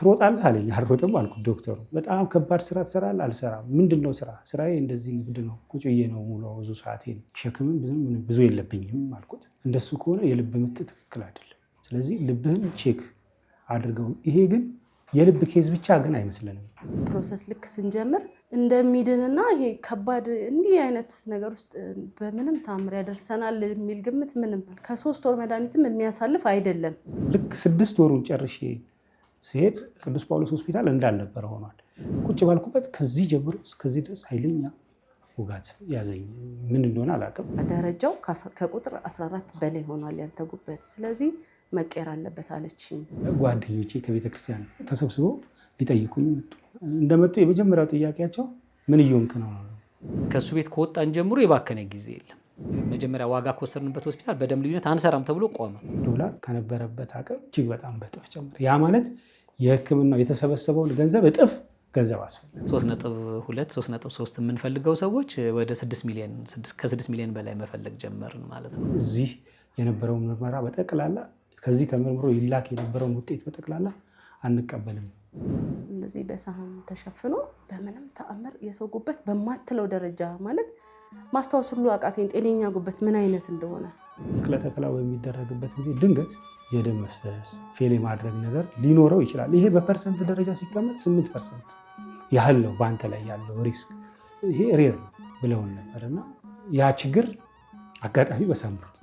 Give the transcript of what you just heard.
ትሮጣለህ አለኝ። አልሮጥም አልኩት። ዶክተሩ በጣም ከባድ ስራ ትሰራለህ። አልሰራም። ምንድን ነው ስራ? ስራዬ እንደዚህ ንግድ ነው። ቁጭዬ ነው የምውለው ብዙ ሰዓቴን፣ ሸክምም ብዙ የለብኝም አልኩት። እንደሱ ከሆነ የልብ ምት ትክክል አይደለም። ስለዚህ ልብህን ቼክ አድርገው። ይሄ ግን የልብ ኬዝ ብቻ ግን አይመስለንም። ፕሮሰስ ልክ ስንጀምር እንደሚድንና ይሄ ከባድ እንዲህ አይነት ነገር ውስጥ በምንም ታምር ያደርሰናል የሚል ግምት ምንም ከሶስት ወር መድኃኒትም የሚያሳልፍ አይደለም። ልክ ስድስት ወሩን ጨርሼ ሲሄድ ቅዱስ ጳውሎስ ሆስፒታል እንዳልነበረ ሆኗል። ቁጭ ባልኩበት ከዚህ ጀምሮ እስከዚህ ድረስ ኃይለኛ ጉጋት ያዘኝ። ምን እንደሆነ አላውቅም። ደረጃው ከቁጥር 14 በላይ ሆኗል ያንተ ጉበት፣ ስለዚህ መቀየር አለበት አለችኝ። ጓደኞቼ ከቤተክርስቲያን ተሰብስበው ሊጠይቁኝ መጡ። እንደመጡ የመጀመሪያው ጥያቄያቸው ምን እየሆንክ ነው? ከእሱ ቤት ከወጣን ጀምሮ የባከነ ጊዜ የለም። መጀመሪያ ዋጋ ከወሰድንበት ሆስፒታል በደም ልዩነት አንሰራም ተብሎ ቆመ። ዶላር ከነበረበት አቅም እጅግ በጣም በጥፍ ጨምር። ያ ማለት የህክምናው የተሰበሰበውን ገንዘብ እጥፍ ገንዘብ አስፈልግ። ሶስት ነጥብ ሁለት ሶስት ነጥብ ሶስት የምንፈልገው ሰዎች ወደ ስድስት ሚሊዮን ከስድስት ሚሊዮን በላይ መፈለግ ጀመርን ማለት ነው። እዚህ የነበረው ምርመራ በጠቅላላ ከዚህ ተመርምሮ ይላክ የነበረውን ውጤት በጠቅላላ አንቀበልም። እንደዚህ በሳህን ተሸፍኖ በምንም ተአምር የሰው ጉበት በማትለው ደረጃ ማለት ማስታወስ ሁሉ አቃተኝ፣ ጤነኛ ጉበት ምን አይነት እንደሆነ። ተክለ ተክላ በሚደረግበት ጊዜ ድንገት የደም መፍሰስ፣ ፌል የማድረግ ነገር ሊኖረው ይችላል። ይሄ በፐርሰንት ደረጃ ሲቀመጥ ስምንት ፐርሰንት ያህል ነው በአንተ ላይ ያለው ሪስክ። ይሄ ሬር ብለውን ነበር እና ያ ችግር አጋጣሚ በሰምሩት